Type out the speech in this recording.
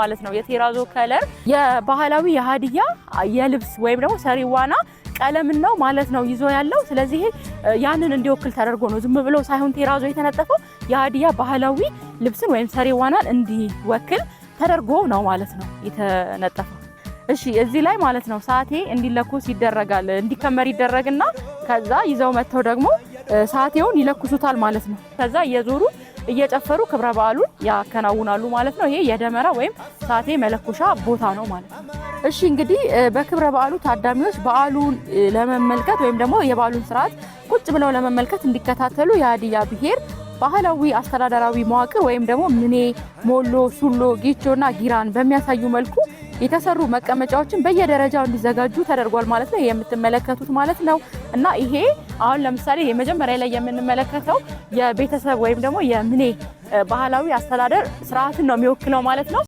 ማለት ነው። የቴራዞ ከለር የባህላዊ የሀዲያ የልብስ ወይም ደግሞ ሰሪዋና ቀለምን ነው ማለት ነው ይዞ ያለው። ስለዚህ ያንን እንዲወክል ተደርጎ ነው ዝም ብሎ ሳይሆን ቴራዞ የተነጠፈው የሀዲያ ባህላዊ ልብስን ወይም ሰሪዋናን እንዲወክል ተደርጎ ነው ማለት ነው የተነጠፈው። እሺ እዚህ ላይ ማለት ነው ሰዓቴ እንዲለኩስ ይደረጋል። እንዲከመር ይደረግና ከዛ ይዘው መጥተው ደግሞ ሰዓቴውን ይለኩሱታል ማለት ነው። ከዛ እየዞሩ እየጨፈሩ ክብረ በዓሉን ያከናውናሉ ማለት ነው። ይሄ የደመራ ወይም ሳቴ መለኮሻ ቦታ ነው ማለት ነው። እሺ እንግዲህ በክብረ በዓሉ ታዳሚዎች በዓሉን ለመመልከት ወይም ደግሞ የበዓሉን ስርዓት ቁጭ ብለው ለመመልከት እንዲከታተሉ የሀዲያ ብሔር ባህላዊ አስተዳደራዊ መዋቅር ወይም ደግሞ ምኔ፣ ሞሎ፣ ሱሎ፣ ጌቾ እና ጊራን በሚያሳዩ መልኩ የተሰሩ መቀመጫዎችን በየደረጃው እንዲዘጋጁ ተደርጓል ማለት ነው የምትመለከቱት ማለት ነው። እና ይሄ አሁን ለምሳሌ የመጀመሪያ ላይ የምንመለከተው የቤተሰብ ወይም ደግሞ የምኔ ባህላዊ አስተዳደር ስርዓትን ነው የሚወክለው ማለት ነው።